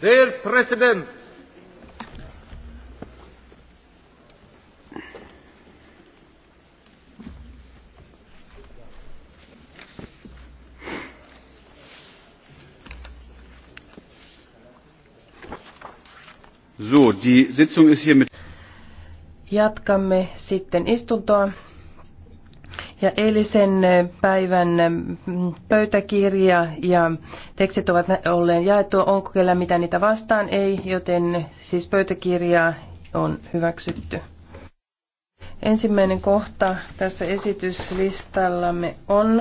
So, die Sitzung ist hiermit. Jatkamme sitten istuntoa. Ja eilisen eh, päivän eh, pöytäkirja ja tekstit ovat olleen jaettu. Onko kyllä mitä niitä vastaan? Ei, joten siis pöytäkirja on hyväksytty. Ensimmäinen kohta tässä esityslistallamme on